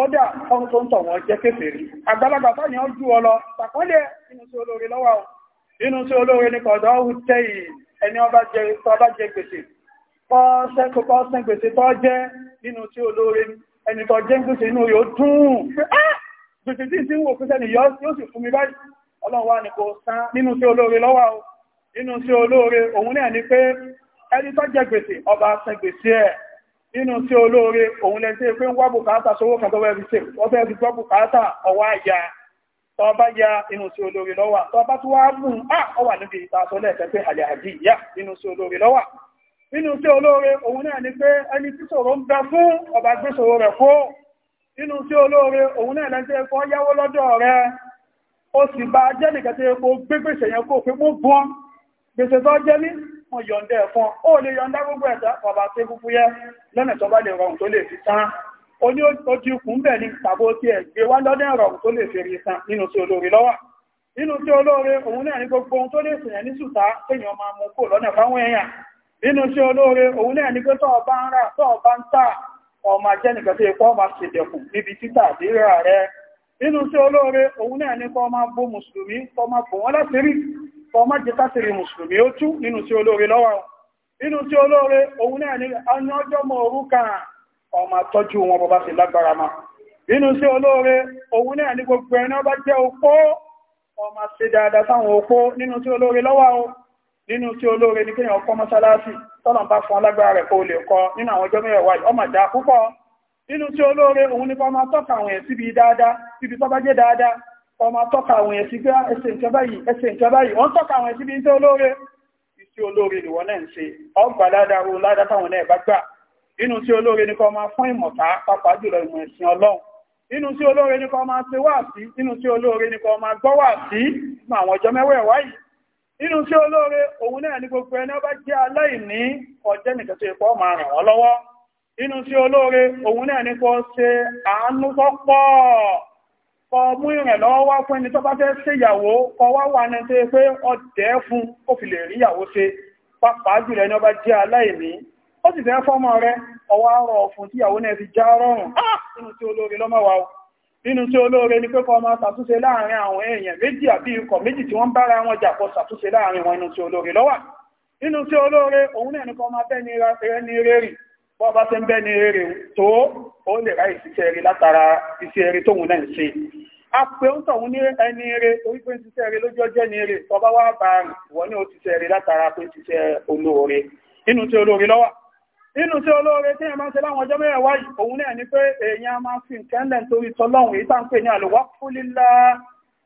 kódà ọmọ tó ń tọ̀ wọ́n jẹ́ ọlọ tàkọ́lẹ̀ inú sí olóore lọ́wọ́ inú sí olóore ní kọ̀dọ̀ ọ̀hún tẹ́yìn ẹni ọba jẹ gbèsè pọ́ọ́sẹ́ gbèsè tọ́ jẹ́ nínú sí olóore ẹni tọ́ jẹ́ gbèsè inú yóò dùn gbèsè tí ń wò nìyọ́ yóò sì fún mi báyìí ọlọ́run ní kò nínú sí olóore lọ́wọ́ sí olóore òun náà ni pé ẹni tọ́ jẹ gbèsè ọba gbèsè ẹ̀ nínú tí olóore òun lẹ́ntẹ́ pé ń wá bùkátà sówó kan wọ́n fẹ́ fi gbọ́ bùkátà ọwọ́ ya inú tí olóore lọ́wà tọba tí wá mú à ọwà níbi ìtaṣọ lẹ́ẹ̀kẹ́ pé àlẹ́ àjí yá inú tí olóore lọ́wà nínú tí olóore òun náà ni pé ẹni tí ń bẹ fún ọba gbé rẹ̀ kó nínú tí olóore òun wọ́n yọ̀ǹda ẹ̀fọn ó lè yọ̀ǹda gbogbo ẹ̀dá bàbá tó kúkú yẹ lọ́nà tó bá lè rọrùn tó lè fi tán ó ní ojú ikùn bẹ̀ ní tàbó tí ẹ̀ gbé wá rọrùn tó lè olóore lọ́wọ́ náà ní gbogbo ohun tó lè ní sùtá téèyàn máa mú kó lọ́nà fáwọn èèyàn nínú olóore òun náà ní pé ọba ń rà ọba ń tà ọmọ jẹ́ nìkan tó yẹ kó rẹ nínú ọmọ jẹ tásìrì musulmi ó tú nínú tí olóre lọ́wọ́ inú tí olóre òun náà ní ọjọ́mọ̀ orúkà ọmọ tọ́jú wọn bọ́bá sí lágbára ma tí olóre òun náà ní gbogbo ẹni ọba jẹ́ ọmọ sí dáadáa sáwọn nínú tí lọ́wọ́ nínú tí ní kíyàn mọ́sálásì tọ́lọ̀ bá fún alágbára rẹ̀ kó lè kọ nínú àwọn ọjọ́ yìí ọmọ púpọ̀ tí òun tọ́ka àwọn ẹ̀ síbi dáadáa síbi tọ́bá jẹ́ dáadáa ọmọ tọ́ka àwọn èsì pé ah, ẹsẹ̀ nǹkan báyìí ẹsẹ̀ nǹkan báyìí wọ́n tọ́ka àwọn èsì bí iṣẹ́ olóore iṣẹ́ olóore nìwọ́n náà ń ṣe ọgbà ládàrú ládàtàwọn náà bá gbà inú tí olóore ní kó máa fún ìmọ̀ta pàápàá jùlọ ìmọ̀ ẹ̀sìn ọlọ́run inú olóore máa ṣe inú tí olóore máa gbọ́ àwọn ọjọ́ mẹ́wẹ̀ẹ̀wá yìí inú tí olóore òun náà gbogbo ẹni ọba jẹ́ aláìní ọjẹ́ nìkan tó máa ràn olóore òun náà ṣe àánú tó kọ mú ìrànlọ́wọ́ wá fún ẹni tó bá fẹ́ ṣe ìyàwó kọ wá wà ní tó pé ọdẹ fún ó fi lè rí ìyàwó ṣe pàápàá jùlọ ẹni ọba jẹ́ aláìní ó sì fẹ́ fọ́mọ rẹ ọwọ́ àárọ̀ ọ̀fun tí ìyàwó náà fi já rọrùn ah! nínú tí olóore lọ́mọ̀wá o nínú tí olóore ni pé kọ máa ṣàtúnṣe láàrin àwọn èèyàn méjì àbí ikọ̀ méjì tí wọ́n bára wọn jà kọ ṣàtúnṣe láàrin wọn inú tí olóore lọ́wà nínú tí olóore òun náà ni kọ máa bẹ́ni rẹ́rìn bọ́ bá ṣe ń bẹ́ni rẹ́rìn tó ó lè ráì sí a pé ń tọ̀hún ní ẹni eré torí pé ń ṣiṣẹ́ eré lójú ọjọ́ ní eré tọba wá bá rìn wọ́n ní ó ti ṣe eré látara pé ti ṣe olóore inú tí olóore lọ́wọ́ inú tí olóore tí èèyàn máa ń ṣe láwọn ọjọ́ mẹ́rin wáyé òun náà ni pé èèyàn máa fi nǹkan lẹ̀ nítorí tọlọ́hun èyí tá ń pè ní àlùwá fúlílá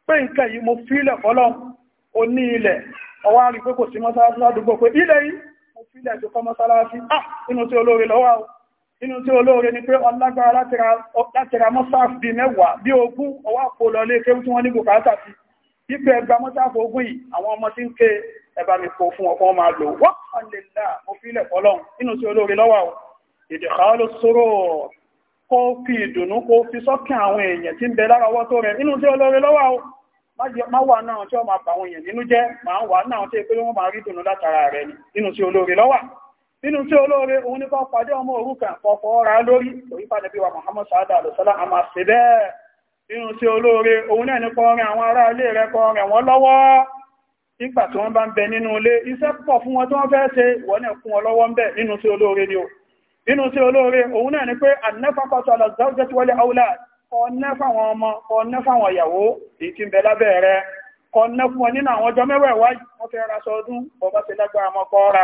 pé nǹkan yìí mo fílẹ̀ fọlọ́hun ó ní ilẹ̀ ọwọ́ rí pé kò sí mọ́sálásí ládùúgbò pé ilẹ̀ yìí mo fílẹ̀ tó kọ́ mọ́sálásí ah inú tí olóore lọ́wọ́ inú tí olóore ni pé ọlágbára láti ra mọ́sáàfù bí mẹ́wàá bí ogún ọwá kò lọ lé kéwú tí wọ́n ní bùkátà sí pípẹ́ ẹgbà mọ́sáàfù ogún yìí àwọn ọmọ tí ń ké ẹ̀bà mi kò fún ọkọ̀ máa lò wọ́n kàn lè là mo fi ilẹ̀ fọlọ́run inú tí olóore lọ́wọ́ o èdè kan ló sọ̀rọ̀ kó fi ìdùnnú kó fi sọ́kàn nínú tí olóore òun ní kan pàdé ọmọ òrukàn fọ́fọ́ ọ̀rá lórí torí níbi wa Muhammad sáádà lọ́sọ́lá a máa bẹ́ẹ̀ nínú tí olóore òun náà ní kọrin àwọn ará ilé rẹ̀ kọrin wọn lọ́wọ́ nígbà tí wọ́n bá ń bẹ nínú ilé iṣẹ́ pọ̀ fún wọn tí wọ́n fẹ́ ṣe wọ́n náà fún wọn lọ́wọ́ nínú tí ni o nínú tí olóore òun náà ni pé tí wọ́n lé aula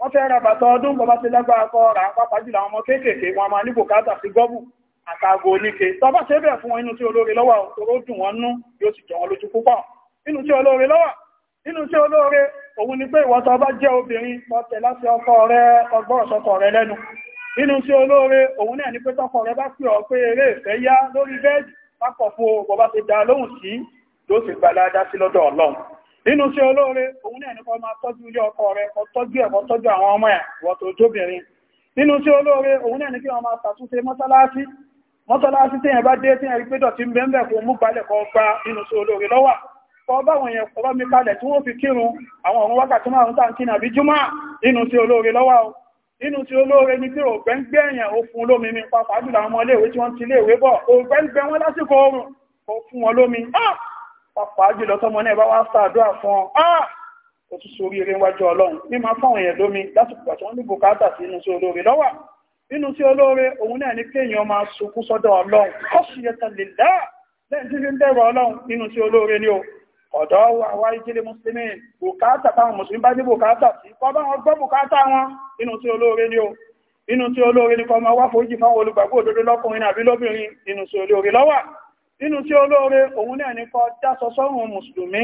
wọ́n fẹ́ ra bàtà ọdún bọ́bá ti lágbára kọ́ ra pápá jùlọ àwọn ọmọ kéékèèké wọn máa ní bùkátà sí gọ́bù àtàgò oníke tọba ṣe bẹ̀ fún wọn inú tí olóore lọ́wọ́ tóró dùn wọn nú yóò sì jọ wọn lójú púpọ̀ inú tí olóore lọ́wọ́ inú tí olóore òun ni pé ìwọ tọba jẹ́ obìnrin tọ́tẹ̀ láti ọkọ rẹ ọgbọ́rọ̀ sọkọ rẹ lẹ́nu inú tí olóore òun náà ni pé tọkọ rẹ bá pè ọ pé eré ìfẹ́ yá lórí bẹ́ẹ̀dì pápọ̀ fún bọba ti dá lóhùn sí yóò sì gbàládá sí lọ́dọ̀ ọlọ́run nínú sí olóore òun náà nípa máa tọ́jú ilé ọkọ rẹ kó tọ́jú ẹ̀kọ́ tọ́jú àwọn ọmọ ẹ̀ wọ́tò jóbìnrin nínú sí olóore òun náà ní kí máa ṣàtúnṣe mọ́sálásí mọ́sálásí tí bá dé tí yẹn rí dọ̀tí ń bẹ́ẹ̀ mú gbalẹ̀ kọ gba nínú sí olóore lọ́wà kó báwọn yẹn kọ́ mi kalẹ̀ tí wọ́n fi kírun àwọn ọ̀run wákàtí ọmọ pàápàá jùlọ tọmọ náà bá wá sàdúrà fún ọ ó tún sórí eré wájú ọlọ́run ní máa fáwọn èèyàn lómi lásìkò pàtó wọn ní bùkátà sí inú sí olóore lọ́wà nínú sí olóore òun náà ní kéèyàn máa sunkún sọ́dọ̀ ọlọ́run kọ́sìyẹta lè dá lẹ́yìn tí ń bẹ̀rù ọlọ́run nínú sí olóore ni o ọ̀dọ́ àwa ìdílé mùsùlùmí bùkátà táwọn mùsùlùmí bá ní bùkátà sí kọ́ bá wọn gbọ́ bùkátà wọn nínú sí olóore ni o inú tí olóore ní kọ́ máa wá foríjì fáwọn olùgbàgbọ́ òdodo lọ́kùnrin àbí lóbìnrin inú sí olóore lọ́wà nínú tí olóore òun náà ní kọ dáṣọ sọ́rùn mùsùlùmí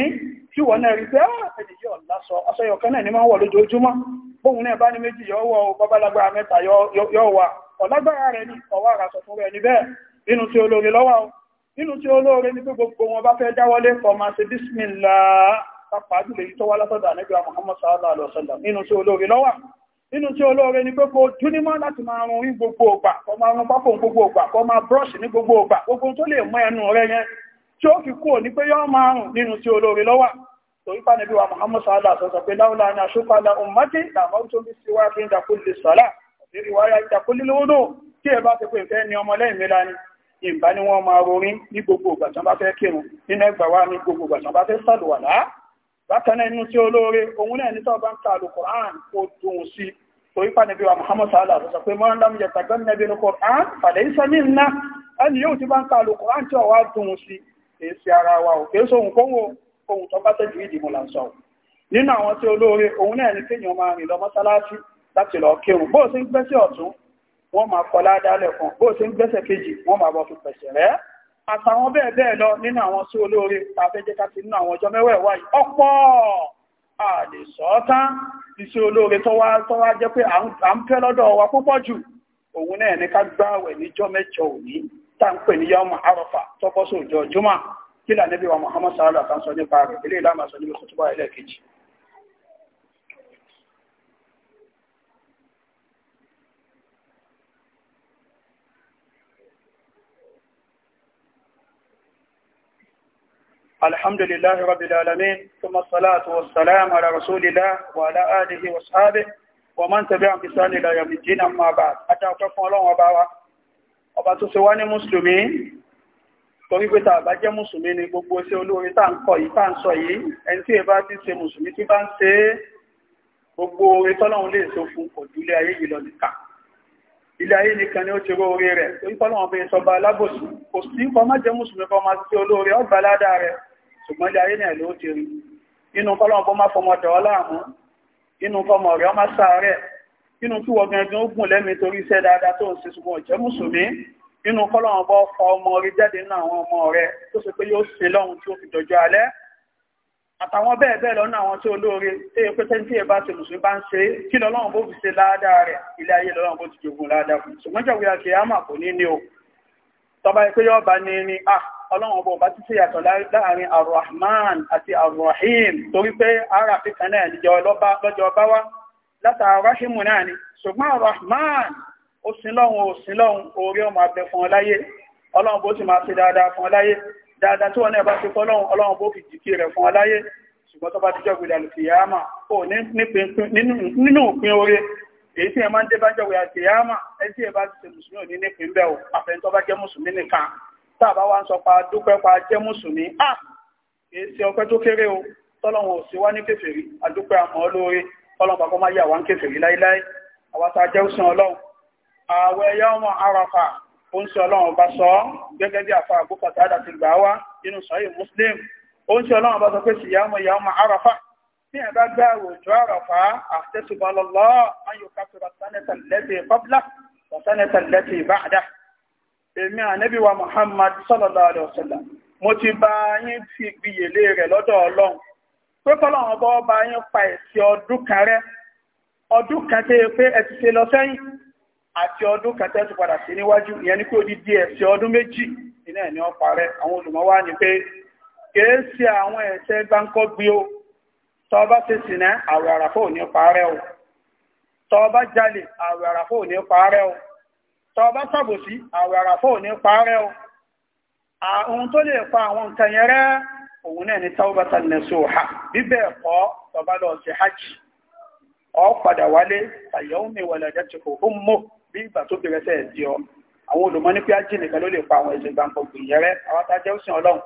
tí wọ́n náà rí pé ah, ẹni yóò lásọ aṣọ yọ̀kan náà ní máa ń wọ̀ lójoojúmọ́ bóun náà bá ní méjì yọ wọ babalágbára mẹ́ta yọ wà ọ̀lágbára rẹ̀ ní ọwọ́ àràsọ fún rẹ̀ níbẹ̀ nínú tí olóore lọ́wọ́ nínú tí olóore ní pé gbogbo wọn bá fẹ́ dáwọ́lé fọmọ sí bísmìlá pàápàá jùlọ èyí tó wá látọ̀dọ̀ àníbíà nínú tí olóore ni pé kó dúnímọ́ láti máa rún ní gbogbo ògbà kó máa rún pápọ̀ gbogbo ògbà kó máa brush ní gbogbo ògbà gbogbo tó lè mọ́ ẹnu rẹ yẹn tí ó fi kúrò ní pé yọ́ máa rùn nínú tí olóore lọ́wà torí pa níbi wa Muhammad sallallahu alaihi wasallam pé láwùlá ní aṣọ́kọ́lá ummati làwọn ni ọmọ lẹ́yìn mẹ́la wa ní gbogbo ìgbà tí wọ́n bá fẹ́ sàlùwàlá bákan náà inú tí olóore òun náà ní tọ́ bá ń ta àlùkò àrùn torí pàdébí wa muhammad sallallahu alaihi wasallam pé mọ́rán lámú jẹta gbọ́n nẹ́bí ní koran fàlẹ́ iṣẹ́ ní ńlá ẹni yóò ti bá ń kàlù koran tí ọwá dùn sí èsì ara wa o kéésù ohun kóhùn ohun tó bá tẹ́jú ìdìbò là ń sọ nínú àwọn tí olóore òun lọ mọ́sálásí láti lọ kírun bó o ṣe ń gbẹ́sẹ̀ ọ̀tún wọ́n máa kọ ládàálẹ̀ kan bó o ṣe ń gbẹ́sẹ̀ kejì wọ́n máa bọ́ fi pẹ̀sẹ̀ rẹ́ àtàwọn bẹ́ẹ̀ bẹ́ẹ̀ lọ nínú àwọn àlè sọ́ọ́tán iṣẹ́ olóore tọ́wá jẹ́ pé à ń fẹ́ lọ́dọ̀ wa púpọ̀ jù òun náà ní ká gbáwẹ̀ níjọ́ mẹ́jọ òní tá ń pè ní yọmọ àrọ̀fà tọ́bọ́sọ̀ òjò jùmọ̀ kí lànà bí wa Muhammad sallallahu alaihi sọ nípa rẹ̀ sọ الحمد لله رب العالمين ثم الصلاة والسلام على رسول الله وعلى آله وصحابه ومن تبعهم بإحسان إلى يوم الدين أما بعد أتوقف الله وبعوا ọba tó ṣe wá ní mùsùlùmí torí pé tá bá jẹ́ mùsùlùmí ni gbogbo iṣẹ́ olóore tá ń kọ yìí tá ń sọ yìí ẹni tí ẹ bá ti ṣe mùsùlùmí tí bá ń ṣe gbogbo oore tọ́lọ́run lè so fún kò ju ilé ayé yìí lọ nìkan ilé ayé nìkan ni ó ti ró oore rẹ̀ torí tọ́lọ́run bẹ́ẹ̀ sọba alábòsí kò sí kọ má jẹ́ mùsùlùmí kọ má sí olóore ọgbà ládàá rẹ̀ ṣùgbọ́n ilé ayé náà ló ti rí inú kọ́lọ́n kó má fọmọ tẹ̀ ọ́ láàmú inú kọmọ rẹ̀ ọmọ sáárẹ̀ inú kí wọ́n gangan ó gùn lẹ́mi torí iṣẹ́ dáadáa tó ń ṣe ṣùgbọ́n ìjẹ́ mùsùlùmí inú kọ́lọ́n bọ́ fọ ọmọ rí jáde nínú àwọn ọmọ rẹ̀ tó ṣe pé yóò ṣe lọ́hun tí ó fi dọjọ́ alẹ́ àtàwọn bẹ́ẹ̀ bẹ́ẹ̀ lọ́nà àwọn tí olóore tí èyí pé tẹ́ntì ẹ̀ bá ti mùsùlùmí bá ń ṣe kí lọ́lọ́run bó fi ṣe ládàá rẹ̀ ilé ayé lọ́lọ́run bó ti jogun ládàá fún ṣùgbọ́n jẹ́ wíwá kìí àmà kò ní ní o tọba ìpé yọ́ bá ní ní à ah, ọlọ́run ọba ọba títí yàtọ̀ láàrin arrahman àti arrahim torí pé ara fíkan náà níjọ lọ́jọ́ ọba wá látara rahimu náà ni ṣùgbọ́n arrahman ó sin lọ́hun ó sin lọ́hun orí ọmọ abẹ fún ọ láyé ọlọ́run bó ti máa ṣe dáadáa fún ọ láyé dáadáa tí wọ́n náà bá ti fọ́ lọ́hun ọlọ́run bó fi jìkì rẹ̀ fún ọ láyé ṣùgbọ́n tó bá ti jọ gbìdàlù kìyàmà ó nínú òpin oore èyí tí ẹ máa ń dé bá jọ gbìdàlù kìyàmà ẹ tí ẹ bá ti ṣe mùsùlùmí ò ní nípìn bẹ́ẹ̀ o àfẹ́ntọ́ bá jẹ́ mùsùlùmí nìkan tàbá wá ń sọ pa dúpẹ́ pa jẹ́ mùsùlùmí à kìí ṣe ọpẹ́ tó kéré o tọ́lọ̀wọ̀n ò sí wá ní kèfèrí àdúpẹ́ àmọ́ lóore tọ́lọ̀n pàpọ̀ máa yà wá ń kèfèrí láíláí àwátá jẹ́ òsìn ọlọ́run ààwẹ̀ ẹ̀yà ọmọ arafa ó ń sọ ọlọ́run bá sọ gẹ́gẹ́ bí àfa àgbókàtà àdàtì gbà wá nínú sọ́yìn muslim ó ń sọ ọlọ́run bá sọ pé sì yàmọ̀ ìyà ọmọ arafa bí ẹ̀ bá gbá òjò arafa àtẹ́sùbọ́lọ́lọ́ ayò kápẹ́rọ̀ sánẹ́tà lẹ́tì bábílà sánẹ́tà lẹ́tì báàdà èmi ànábì wa Muhammad sallallahu alaihi mo ti fi gbìyèlé rẹ̀ lọ́dọ̀ ọlọ́run pé kọ́lọ́run bọ́ bá yín pa ẹ̀sì ọdún kan ọdụ ọdún kan tẹ́ pé ṣe lọ sẹ́yìn àti ọdún kan tẹ́ si padà sí níwájú ìyẹn ni pé ó di di ọdún méjì iná ẹ̀ ní ọ̀pá àwọn olùmọ̀ wá pé ṣe àwọn gbáǹkọ́ tọ́ bá sàbòsí àwẹ̀ àràfọ́ ò ní parẹ́ o àwọn tó lè pa àwọn nǹkan yẹn rẹ́ òun náà ni taubata nasuha bíbẹ̀ ẹ̀kọ́ tọ́ bá lọ sí hajj ọ padà wálé àyẹ̀wò mi wọlé ẹ̀jẹ̀ tí kò hún mọ́ bí ìgbà tó bẹ̀rẹ̀ sẹ́ẹ̀ di ọ àwọn olùmọ́ ní pé hajj nìkan ló lè pa àwọn ẹ̀sìn gbàǹgbògbò yẹn rẹ́ àwọn tá a jẹ́ òsìn ọlọ́run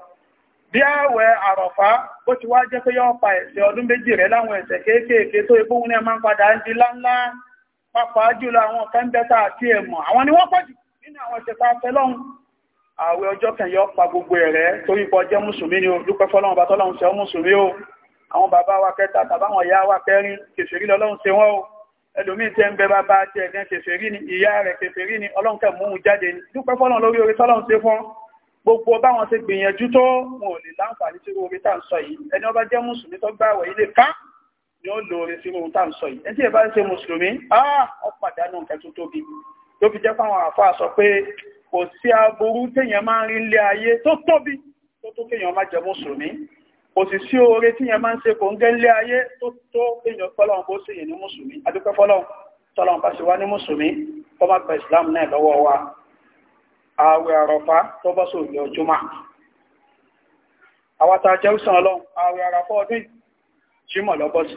bí àwẹ̀ àrọ̀fá bó ti wá jẹ́ pé yọ́ pa ẹ̀ṣẹ̀ ọdún méjì rẹ̀ láwọn ẹ̀ṣẹ̀ kéékèèké tó ebóhun náà máa ń padà ń di láńlá pàápàá jùlọ àwọn kẹ́ńbẹ́ta àti ẹ̀mọ̀ àwọn ni wọ́n pọ̀jù nínú àwọn ìṣẹ̀ta tẹ́lọ́hun ààwẹ̀ ọjọ́ kẹyọ pa gbogbo ẹ̀rẹ́ torí pọ̀ jẹ́ mùsùlùmí ni olùpẹ́ fọ́lọ́run bá tọ́lọ́run ṣe mùsùlùmí o àwọn bàbá wa kẹta tàbáwọn ìyá wa kẹrin kèfèrí lọ́lọ́run ṣe wọ́n o ẹlòmíín tẹ́ ń bẹ bàbá tí ẹ̀gẹ́ kèfèrí ni ìyá rẹ̀ kèfèrí ni ọlọ́run kẹ mú un jáde ni dúpẹ́ fọ́lọ́run lórí orí tọ́lọ́run ṣe fún gbogbo báwọn ṣe gbìyànjú tó wọn ò lè láǹfààní sí orí tá à ń sọ yìí ẹni ọba jẹ́ mùsùlùmí tó gbààwẹ̀ ilé ká yóò lóore sí ohun tá à ń sọ yìí ẹtí ẹ bá ń ṣe mùsùlùmí ó pàdánù nǹkan tó tóbi ló fi jẹ́ fáwọn àfáà sọ pé kò sí aburú téèyàn máa ń rí ilé ayé tó tóbi tó tó kéèyàn má jẹ mùsùlùmí kò sì sí oore téèyàn máa ń ṣe kò ń gẹ́ ilé ayé tó tó kéèyàn fọlọ́run bó ṣe yìí ní mùsùlùmí adúpẹ́ fọlọ́run tọ́lọ́run bá ṣe wá ní mùsùlùmí kó má gba ìsìlámù náà lọ́wọ́ wa ààwẹ̀ àrọ̀fá tó bọ́ sóòjọ́ jùmọ̀ àwátá jẹ́rùsàn ọlọ́run ààwẹ̀ àràfọ́ ọdún jímọ̀ lọ́bọ̀sí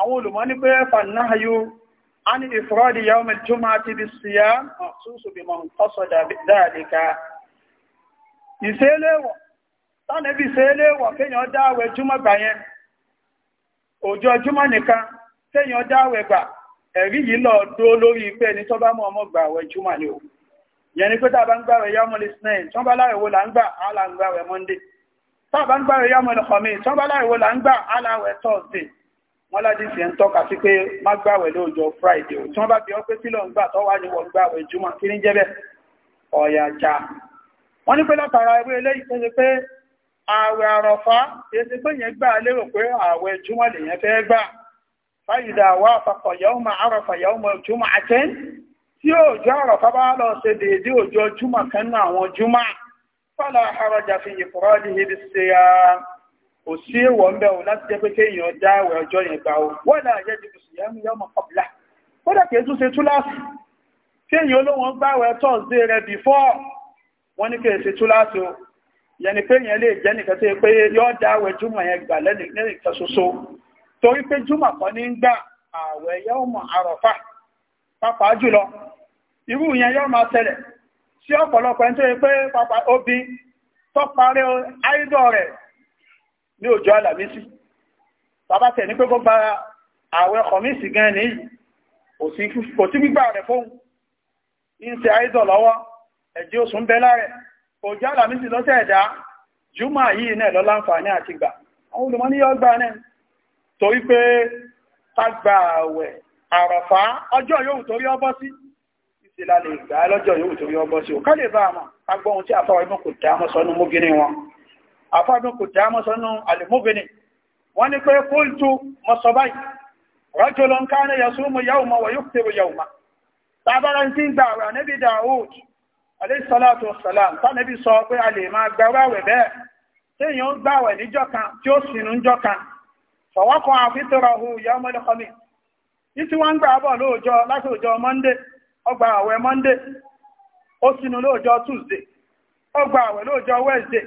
àwọn olùmọ́ ní pé fàánáyó a ní ìfúrọ́dì yàwó mẹ́túnmá ti bí síyá ọ̀túnṣù bí mọ̀ tọ́sọ̀ dáadéka ìṣẹ́lẹ̀wọ̀ tánẹ́bí ìṣẹ́lẹ̀wọ̀ kéèyàn dáwẹ̀ júmọ́ gbà yẹn òjò júmọ́ nìkan kéèyàn dáwẹ̀ ẹ̀rí yìí lọ dó lórí pé ní tọ́ mọ́ ọmọ gbà wẹ̀ júmọ́ ni o yẹn ni pé tá a bá ń gbàwẹ̀ yàwó mọ́lẹ̀ snail tọ́ bá láwẹ̀wò là ń gbà á là ń gbàwẹ̀ monday tá ń gbàwẹ̀ yàwó mọ́lẹ̀ kọ̀mí tọ́ bá là ń gbà á thursday wọ́n láti sì ń tọ́ka sí pé má gbàwẹ̀ lóòjọ́ friday tí wọ́n bá bí ọ pé kí ló ń gbà tọ́wà ní wọ́n gbàwẹ̀ jùmọ̀ kí ní jẹ́bẹ̀ ọ̀yàjà wọ́n ní pé látara ewé eléyìí tó ṣe pé ààwẹ̀ àrọ̀fá èsì pé yẹn gbà lérò pé ààwẹ̀ jùmọ̀ lèyẹn fẹ́ gbà fáyidà wà àpapọ̀ yawma àrọ̀fà yawma jùmọ̀ àtẹ́ tí òjò àrọ̀fá bá lọ ṣe déédé òjò jùmọ̀ kan náà àwọn jùmọ̀ fọ́lá àrọ̀jà fi yìí kò sí èèwọ̀ ń bẹ̀ o láti jẹ́ pé kéèyàn já àwẹ̀ ọjọ́ yẹn gbà o wọ́n náà yẹ́ di mùsùlùmí yọmọ kọ̀bìlà kódà kìí tún ṣe túláàsì kéèyàn olóhùn gbàwẹ̀ tọ́sídé rẹ̀ bìfọ́ wọ́n ní kìí ṣe túláàsì o yẹn ni pé yẹn lè jẹ́ nìkan tó yẹ pé yọ́ já àwẹ̀ júmọ̀ yẹn gbà lẹ́nìkan ṣoṣo torí pé júmọ̀ kan ní gbà àwẹ̀ yọmọ àrọ̀fà pàápàá jùlọ irú yẹn yọ́ máa ṣẹlẹ̀ sí ọ̀pọ̀lọpọ̀ ẹni tó yẹ pé pàápàá obì tó parí áìdọ̀ rẹ̀ ní ọjọ́ àlàmísì bàbá tẹ̀ ní pé kó gba àwẹ̀ kọ̀mísì gan ní kò sí gbígbà rẹ̀ fóun ń ṣe àìdọ̀ lọ́wọ́ ẹ̀jẹ̀ oṣù ń bẹ láàrẹ̀ ọjọ́ àlàmísì lọ́sẹ̀ ẹ̀dá jùmọ̀ yìí náà lọ láǹfààní àti gbà àwọn olùmọ́ ní yọ́ gbà náà torí pé ká gba àwẹ̀ àràfá ọjọ́ yóò torí ọbọ́ sí ìsìlà lè gbà lọ́jọ́ yóò torí ọbọ́ sí ò ká lè bá àmọ́ agbóhun tí àfáwọn ẹgbẹ́ kò dá mọ́ sọ́nú mú gíní wọn àfáàdùn kò tẹ́ mọ́sánú alìmúbìnì wọ́n ní pé kúltù mọ́sọ̀báì rajulun kana yasumu yawma wa yuftiru yawma tàbára tí ń gbà rà níbi Daud alayhi salatu wassalam tánàbí sọ pé a lè máa gbàwẹ̀ bẹ́ẹ̀ tí yóò gbàwẹ̀ níjọ́ kan tí ó sinú níjọ́ kan fọwọ́kan àfitọ́rọ̀hù yawmal khamis ní tí wọ́n ń gbà bọ̀ lóòjọ́ láti òjọ́ Monday ọgbà àwẹ̀ Monday ó sinú lóòjọ́ Tuesday ọgbà àwẹ̀ lóòjọ́ Wednesday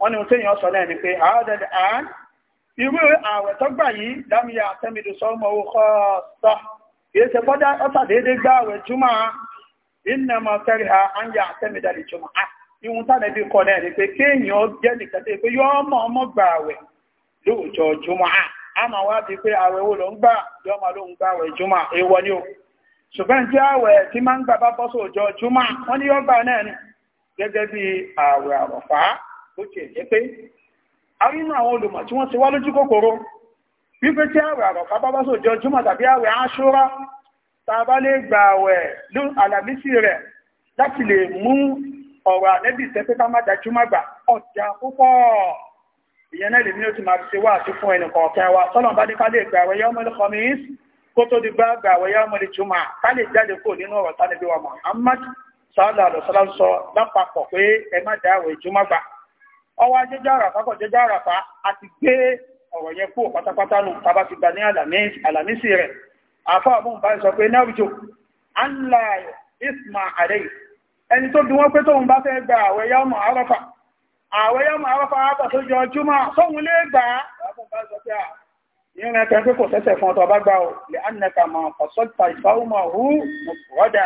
wọ́n ni tí èèyàn náà ni pé àádọ́dẹ̀ àán irú ààwẹ̀ tó gbà yìí dámìyà àtẹ́mìdì sọ́mọ̀ owó kọ́ sọ èyí ṣe fọ́dá ọ́sàdédé gbá àwẹ̀ júmọ́ iná máa fẹ́rẹ̀ ha á ń yà àtẹ́mìdà lè jùmọ̀ á ihun tánà bí kọ́ náà ni pé kéèyàn jẹ́ nìkan tó pé yọ́ mọ̀ ọmọ gbà àwẹ̀ lóòjọ́ jùmọ̀ á a máa wá bí pé àwẹ̀ wo ló ń gbà yọ́ máa ló ń gbà àwẹ̀ jùmọ̀ ni o ṣùgbọ́n ó ti ẹ̀jẹ́ pé a rí inú àwọn olùmọ̀ tí wọ́n ti wá lójú kòkòrò wípé tí àwẹ̀ àrọ̀ká bá bá sòjọ jùmọ̀ tàbí àwẹ̀ aṣúra tá a bá lè gba àwẹ̀ ló àlàmísì rẹ̀ láti lè mú ọ̀rọ̀ ànẹ́bì tẹ́ ká má dájú má gbà ọ̀jà púpọ̀ ìyẹn náà lèmi ó ti máa ṣe wá àti fún ẹnì kọ̀ọ̀kan wa tọ́lọ̀ bá ní ká lè gba àwẹ̀ yọmọ ọwọ́ ajẹ́jọ́ àràfá kọ̀ jẹ́jọ́ àràfá àti gbé ọ̀rọ̀ yẹn kú pátápátá nù tàbá ti gbà ní àlàmísì rẹ̀ àfá ọmọọ̀n bá sọ pé náwùjọ anla isma adé ẹni tó bí wọ́n pé tóun bá fẹ́ gba àwẹ̀ yọmọ arọ́fà àwẹ̀ yọmọ arọ́fà àbà tó jọ júmọ́ tóun lè gbà á ọmọọ̀n bá sọ pé à ìrìn ẹ̀kẹ́ pé kò sẹ́sẹ̀ fún ọtọ̀ bá gbà ó lè anẹ́ka mọ̀ ọ̀sọ́ta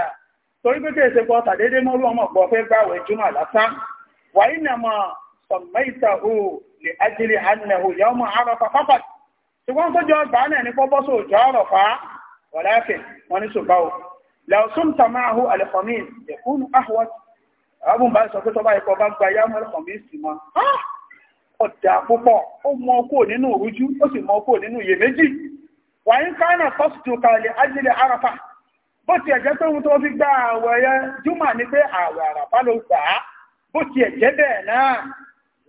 torí pé kèsè pọ̀ tàdédé mọ́rú ọmọ gbọ́ fẹ́ gbà àwẹ̀ júmọ́ lásán wàyí nà sọ̀mẹ́ìtàhù lè ájírí annahu yawma arafa faqat ṣùgbọ́n tó jọ gbà náà ní pọ́pọ́sọ̀ òjò àrọ̀fà walakin wọ́n ní ṣùgbọ́n law sumta ma'ahu al-khamis yakunu ahwat ọ̀rọ̀bùn bá sọ pé tọ́bá ikọ̀ bá gba yá mọ́lẹ̀ kọ̀míìsì mọ́ ọ̀dà púpọ̀ ó mọ kó nínú òrújú ó sì mọ kó nínú iyèméjì wà ń kánà tọ́sùtù kalẹ̀ ajílẹ̀ arafa bó tiẹ̀ jẹ́ pé ohun tó fi gba àwẹ̀ yẹn júmọ̀ ni pé àwẹ̀ àràfà ló gbà á bó tiẹ̀ jẹ́ bẹ́ẹ̀ náà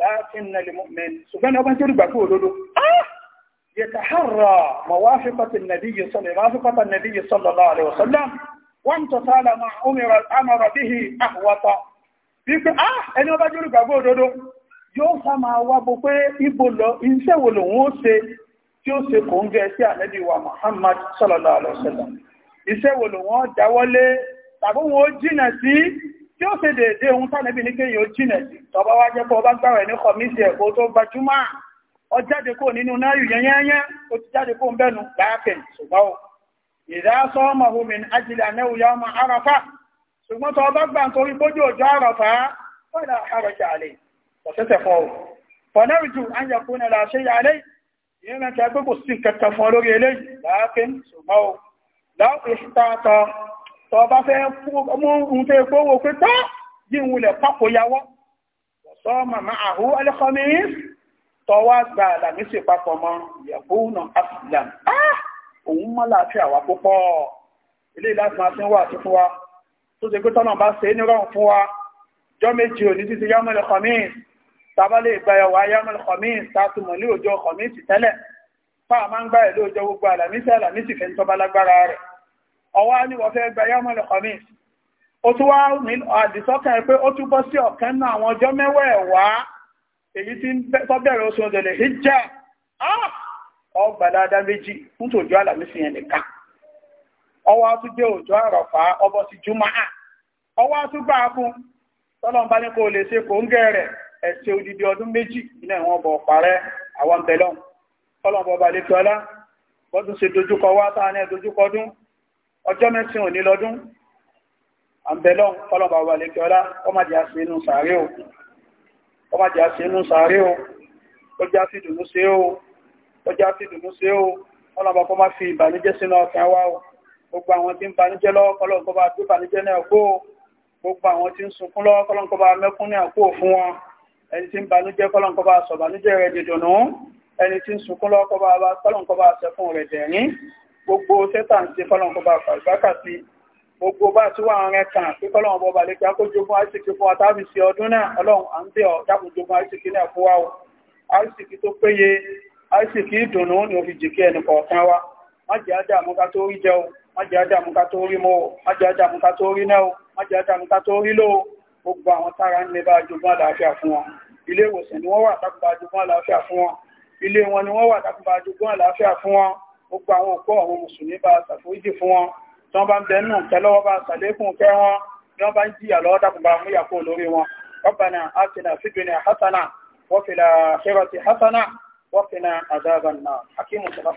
láàfin náà lè mọ́mẹ́ni ṣùgbọ́n ọba jẹ́ olùgbàgbọ́ òdodo yẹtàhárà mọ̀wáfíkọ́tì nàbíyì sọ́lọ̀ ìmáfíkọ́tà nàbíyì sọ́lọ̀ láàrẹ̀ ọ̀sọ́lá wọ́n tó sáàlà máa ọmọrọ̀ àmọ̀rọ̀ bí i àwọ̀tọ̀ bí pé á ẹni ọba jẹ́ olùgbàgbọ́ òdodo yóò sá máa wá bó pé ibo lọ iṣẹ́ wo lòun ó ṣe tí ó ṣe kò ń gẹ sí ànábì wa Muhammad sọ́lọ̀ láàrẹ̀ ọ̀sọ́lá iṣẹ́ wo lòun ó dáwọ́lé tàbí wọn ó jìnà sí tí ó ṣe dèédé ohun tánàbí ní kéyìn ó jìnà sí tọba wá jẹ́ pọ̀ ọba gbàwẹ̀ ní kọmíṣẹ̀ ẹ̀kọ́ tó gbajúmọ̀ ọ jáde kó nínú náírù yẹnyẹnyẹn ó ti jáde kó ń bẹ́nu gbáàkẹ̀ ṣùgbọ́n ìdá sọ́ọ́mọ̀ homin ajílẹ̀ anẹ́wùyá ọmọ arafa ṣùgbọ́n tọ́ ọba gbà nítorí bójú òjò arafa fọ́nà àrọ̀jà àlè ọ̀sẹ̀sẹ̀ fọ́ ọ fọ́nàrìjù anyakunà làṣẹ yàlẹ́ tọ́ bá fẹ́ mú ohun tó epo owó pé tọ́ jí ń wulẹ̀ pápò yawọ́ sọ màmá àhú ẹlẹ́kọ́mí tọ́ wá gba àlàmísì papọ̀ mọ́ ìyàpó náà afghan òun mọ́ láàfin àwa púpọ̀ ilé láti máa fi ń wà sí fún wa tó ṣe pé tọ́nà bá ṣe é ní rọrùn fún wa jọ méjì òní títí yámọ́lẹ̀ kọ́mí tàbá lè gba ẹwà yámọ́lẹ̀ kọ́mí tààtùmọ̀ ní ọjọ́ kọ́mí ti tẹ́lẹ̀ fáà máa ń gbá ẹ̀ lóòjọ́ gbogbo àlàmísì àlàmísì fẹ́ ń tọ́ba lágbára rẹ̀ ọwọ́ ní wọ́n fẹ́ gba yọ́mọ̀lẹ̀ kọ̀mís ó tún wá ní àdìsọ́kàn pé ó túbọ̀ sí ọ̀kan náà àwọn ọjọ́ mẹ́wẹ̀ẹ̀wá èyí tí tó bẹ̀rẹ̀ oṣù ọ̀dẹ̀lẹ̀ hijja ọgbà ah! dáadáa méjì fún tòjọ́ àlàmísì yẹn nìkan ọwọ́ tún jẹ́ òjò àrọ̀fà ọbọ̀ sí jùmọ́à ọwọ́ tún bá fún tọ́lọ́n bá ní lè ṣe kò ń ẹ̀sẹ̀ odidi ọdún méjì iná ìwọ̀n bọ̀ parẹ́ àwọn tẹ̀lọ́n tọ́lọ́n bọ̀ balẹ̀ tọ́lá bọ́dún ṣe dojúkọ wá ní ọjọ́ mẹ́sìn òní lọ́dún àbẹ̀lọ́n fọ́lọ̀bà wà lè kíọ́lá ọmọdé àṣẹ inú sàárẹ́ o ọmọdé àṣẹ inú sàárẹ́ o ó já sí dùnú sí o ó já sí dùnú sí o ọlọ́bà kọ́ má fi ìbànújẹ́ sínú ọkàn wa o gbogbo àwọn tí ń banújẹ́ lọ́wọ́ kọ́lọ́n kọ́ bá gbé ìbànújẹ́ náà kó o gbogbo àwọn tí ń sunkún lọ́wọ́ kọ́lọ́n kọ́ bá mẹ́kún náà gbogbo sẹ́tà ń ṣe fọ́lọ́n kó bá fàlùbákà sí gbogbo bá tí wà rẹ̀ kàn pé fọ́lọ́n bọ́ balẹ̀ kí akójogún àìsìkí fún àtàbí sí ọdún náà ọlọ́run à ń bẹ̀ ọ́ dákòjogún àìsìkí náà fún wa o àìsìkí tó péye àìsìkí ìdùnnú ni ó fi jìkí ẹnì kọ̀ọ̀kan wa má jẹ́ àdààmú ká tó rí jẹ o má jẹ́ àdààmú ká tó rí mọ́ o má jẹ́ àdààmú ká tó rí náà o má jẹ́ àdààmú ká tó rí lò ó gbogbo àwọn tára ń lè bá jogún àlàáfíà fún wọn ilé ìwòsàn ni wọ́n wà gbogbo àwọn òkú àwọn mùsùlùmí bá ṣàforíjì fún wọn tí wọ́n bá ń bẹnu tẹ́lọ́wọ́ bá ṣàlékún kẹ́ wọn ni wọ́n bá ń jìyà lọ́wọ́ dàkùnbà mú yàkó lórí wọn ọ̀bànà àtìnà fìdúnà hasana wọ́fìlà ṣẹ́rọ̀tì hasana wọ́fìlà àdáàbànà akímù sọ́lá